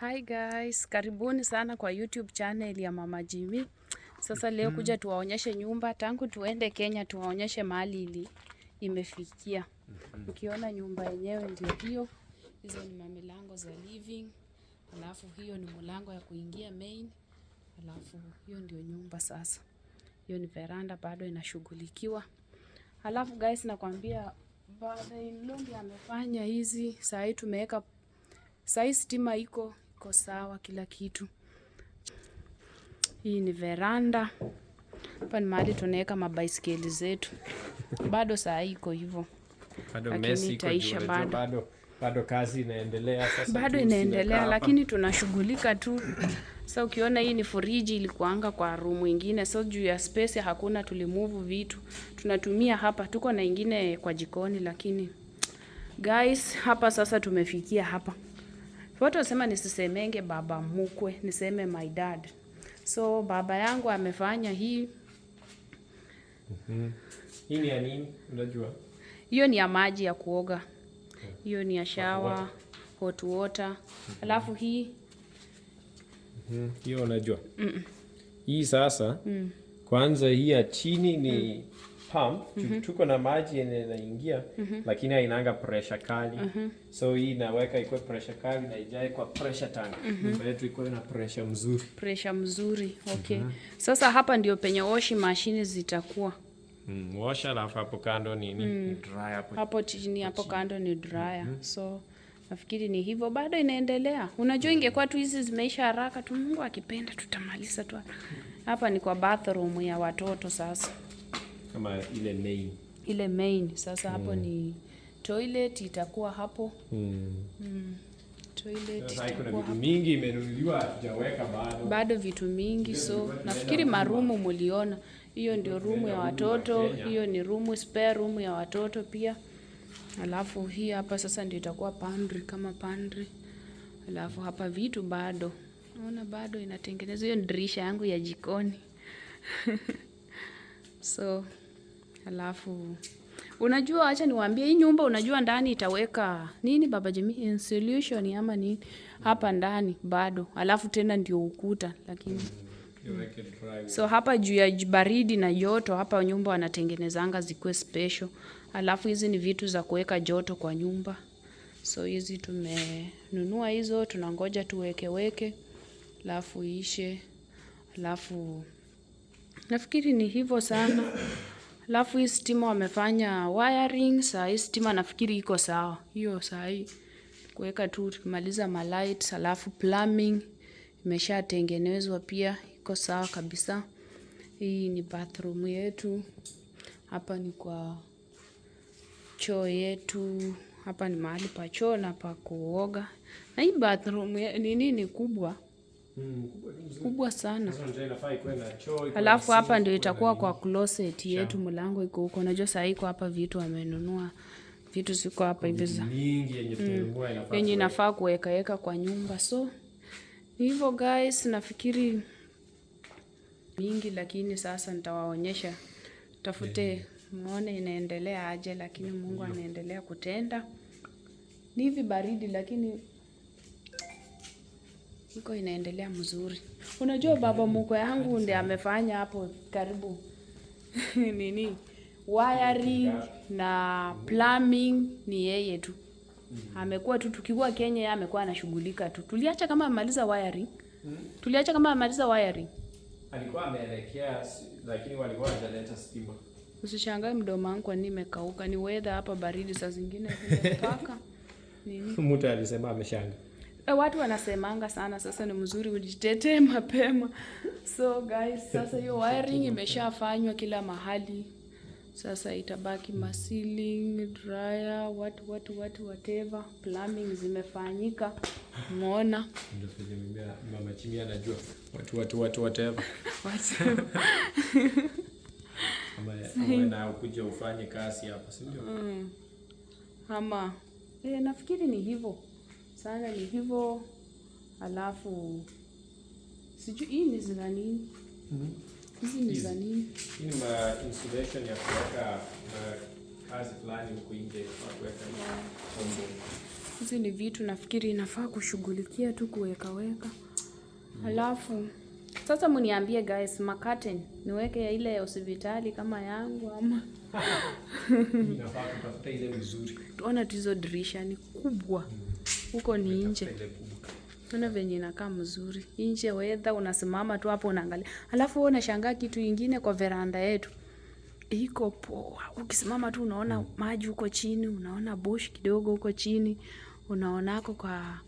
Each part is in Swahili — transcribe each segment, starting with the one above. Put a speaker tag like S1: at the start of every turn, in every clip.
S1: Hi guys, karibuni sana kwa YouTube channel ya Mama Jimmy. Sasa leo mm-hmm. kuja tuwaonyeshe nyumba tangu tuende Kenya tuwaonyeshe mali ili imefikia. Mm-hmm. Ukiona nyumba yenyewe ndio hiyo. Hizo ni milango za living. Alafu hiyo ni mlango ya kuingia main. Alafu hiyo ndio nyumba sasa. Hiyo ni veranda bado inashughulikiwa. Alafu guys, nakwambia baada ya amefanya hizi, sasa tumeweka saa stima iko iko sawa, kila kitu. Hii ni veranda. Hapa ni mahali tunaweka mabaiskeli zetu. Bado saa hii iko hivyo,
S2: lakini itaisha bado bado kazi inaendelea sasa,
S1: bado inaendelea lakini tunashughulika tu sasa. Ukiona hii ni friji ilikuanga kwa room ingine, so juu ya space hakuna, tulimove vitu tunatumia hapa. Tuko na ingine kwa jikoni, lakini guys, hapa sasa tumefikia hapa. Watu wasema nisisemenge baba mkwe, niseme my dad. So baba yangu amefanya hii.
S2: Mhm. Hii ni ya nini? Unajua?
S1: Hiyo ni ya maji ya kuoga. Hiyo ni ya shower, hot water. Mm-hmm. Alafu hii.
S2: mm Hiyo unajua. mm Hii sasa. Mm. Kwanza hii ya chini ni mm-hmm. pump, mm-hmm. tuko na maji yenye inaingia mm-hmm. lakini hainaanga pressure kali. So hii inaweka ikuwe pressure kali na ijae kwa pressure tank. -hmm. yetu iko na pressure mzuri.
S1: Pressure mzuri. Okay. Sasa hapa ndio penye washi mashine zitakuwa.
S2: Mm, washa alafu hapo kando ni ni mm. dryer hapo.
S1: Hapo chini hapo kando ni dryer. So Nafikiri ni hivyo, bado inaendelea. Unajua, ingekuwa tu hizi zimeisha haraka tu, Mungu akipenda tutamaliza tu. Hapa ni kwa bathroom ya watoto sasa,
S2: kama ile main,
S1: ile main sasa hapo mm. ni toilet itakuwa hapo mm. Mm. Toilet sasa
S2: vitu mingi imenunuliwa, hatujaweka bado,
S1: bado vitu mingi so nafikiri marumu muliona, hiyo ndio rumu ya watoto, hiyo ni rumu, spare room ya watoto pia Alafu hii hapa sasa ndio itakuwa pandri kama pandri. Alafu hapa vitu bado, naona bado inatengenezwa. Hiyo dirisha yangu ya jikoni so alafu unajua, acha niwaambie hii nyumba, unajua ndani itaweka nini baba Jimmy, insulation ama nini hapa ndani bado, alafu tena ndio ukuta lakini so hapa juu ya baridi na joto, hapa nyumba wanatengenezanga zikuwe special. Alafu hizi ni vitu za kuweka joto kwa nyumba. So hizi tumenunua hizo, tunangoja tuwekeweke, alafu ishe, alafu nafikiri ni hivyo sana. Alafu hii stima wamefanya wiring, saa hii stima nafikiri iko sawa. Hiyo saa hii kuweka tu tukimaliza malights, alafu plumbing imeshatengenezwa pia iko sawa kabisa. Hii ni bathroom yetu. Hapa ni kwa choo yetu. Hapa ni mahali pa choo na pa kuoga, na hii bathroom ni nini kubwa hmm, kubwa sana. Alafu hapa ndio itakuwa kwa closet yetu, mlango iko huko. Unajua saa hii hapa, vitu amenunua vitu ziko hapa hivi
S2: za yenye
S1: mm. inafaa kuwekaweka kwa nyumba. So hivyo guys, nafikiri mingi, lakini sasa nitawaonyesha tafute mm muone inaendelea aje, lakini Mungu anaendelea kutenda. Ni hivi baridi, lakini iko inaendelea mzuri. Unajua baba mkwe yangu ndiye amefanya hapo karibu nini wiring na plumbing ni yeye tu amekuwa tu, tukikuwa Kenya yeye amekuwa anashughulika tu. Tuliacha kama amaliza wiring, tuliacha kama amaliza wiring,
S2: alikuwa ameelekea, lakini walikuwa hajaleta stima.
S1: Usishangae mdomo wangu kwani imekauka, ni weather hapa baridi saa zingine paka. Nini? Mtu alisema ameshanga. E, watu wanasemanga sana sasa, ni mzuri ujitetee mapema. So guys, sasa hiyo wiring imeshafanywa kila mahali. Sasa itabaki ceiling, dryer, what what what whatever, plumbing zimefanyika. Umeona?
S2: Ndio mama chimia anajua. Watu watu watu whatever na ukuja ufanye kazi hapa, si ndio?
S1: Mm. Ama e, nafikiri ni hivyo sana, ni hivyo alafu sijui hii ni za nini mhm. hizi ni za nini?
S2: Hii ni ma insulation ya kuweka kazi fulani huko nje kwa kuweka chombo.
S1: Hizi ni vitu nafikiri inafaa kushughulikia tu kuweka kuwekaweka, mm. alafu sasa mniambie guys, makaten niweke ile ya hospitali kama yangu ama
S2: inafaa kutafuta
S1: dirisha ni kubwa mm-hmm. huko, ni nje ona venye inakaa mzuri nje, weather unasimama tu hapo unaangalia, alafu unashangaa kitu ingine kwa veranda yetu iko poa. Ukisimama tu unaona mm. maji huko chini, unaona bush kidogo huko chini, unaonako kwa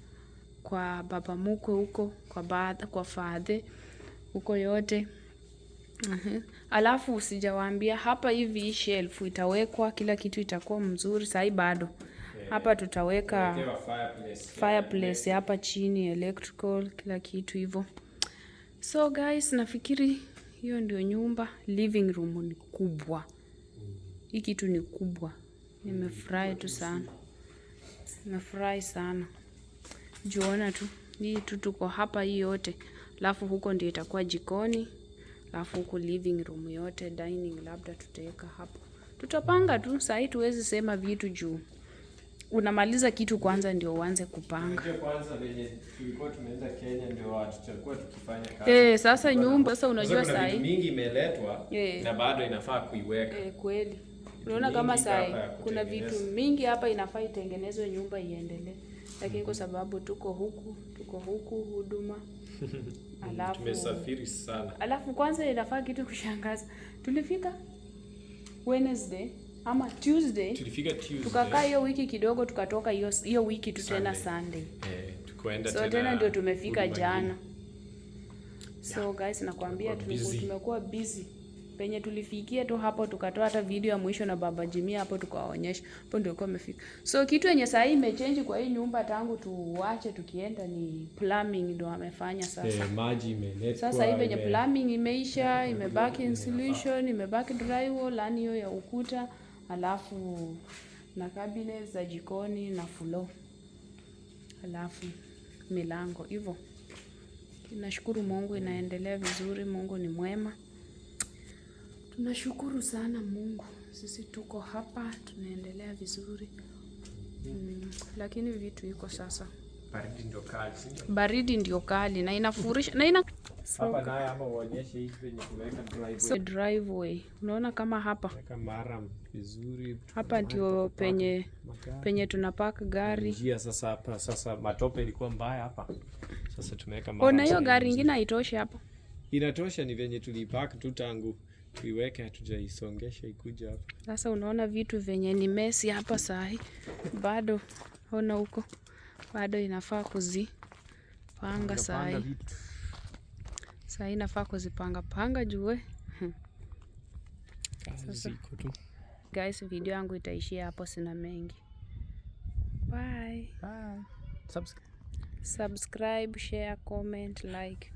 S1: kwa baba mkwe huko kwa baadha, kwa fadhe huko yote. Alafu usijawaambia hapa hivi hii shelf itawekwa kila kitu itakuwa mzuri sahi bado. Eh, hapa tutaweka
S2: fireplace,
S1: fireplace Hapa chini electrical kila kitu hivyo. So guys, nafikiri hiyo ndio nyumba. Living room ni kubwa. Hii kitu ni kubwa. Nimefurahi tu sana. Nimefurahi sana. Juona tu hii tu tuko hapa hii yote. Alafu huko ndio itakuwa jikoni, alafu huko living room yote, dining labda tutaweka hapo. Tutapanga tu saa hii, tuwezi sema vitu juu unamaliza kitu kwanza ndio uanze kupanga. Eh, sasa nyumba sasa, unajua saa hii
S2: mingi imeletwa eh. na bado inafaa kuiweka. Eh,
S1: kweli unaona kama saa hii kuna vitu mingi hapa inafaa itengenezwe nyumba iendelee lakini kwa sababu tuko huku tuko huku huduma
S2: alafu, tumesafiri sana.
S1: Alafu kwanza inafaa kitu kushangaza, tulifika Wednesday ama Tuesday,
S2: tulifika Tuesday, tukakaa
S1: hiyo wiki kidogo, tukatoka hiyo wiki tu tena Sunday eh,
S2: tukaenda so tena ndio
S1: tumefika jana. So guys, nakwambia tumekuwa busy penye tulifikia tu hapo, tukatoa hata video ya mwisho na baba Jimmy hapo, tukawaonyesha hapo, ndio kwa imefika. So kitu yenye saa hii imechange kwa hii nyumba tangu tuache tukienda ni plumbing, ndio amefanya sasa. Hey, eh,
S2: maji imeletwa sasa hivi
S1: penye plumbing imeisha, imebaki insulation, imebaki drywall, yani hiyo ya ukuta, alafu na cabinets za jikoni na floor, alafu milango hivyo. Nashukuru Mungu inaendelea vizuri. Mungu ni mwema. Tunashukuru sana Mungu, sisi tuko hapa tunaendelea vizuri mm. Lakini vitu iko sasa,
S2: baridi ndio kali, baridi ndio kali na
S1: inafurisha na ina hapa naye hapa uonyeshe hivi kwenye kuweka driveway. So, driveway unaona kama hapa kama
S2: mara vizuri,
S1: hapa ndio penye magari, penye tunapaka gari njia.
S2: Sasa hapa sasa matope ilikuwa mbaya hapa, sasa tumeweka mara
S1: Ona hiyo gari nyingine haitoshi hapa,
S2: inatosha ni venye tulipaka tu tangu tuiweke hatujaisongesha ikuja hapa.
S1: Sasa unaona vitu venye ni mesi hapa sahi, bado ona huko, bado inafaa kuzipanga sahi, sahi inafaa kuzipanga panga jue ah, Sasa guys, video yangu itaishia hapo, sina mengi. Bye. Bye. Subscribe, share, comment, like.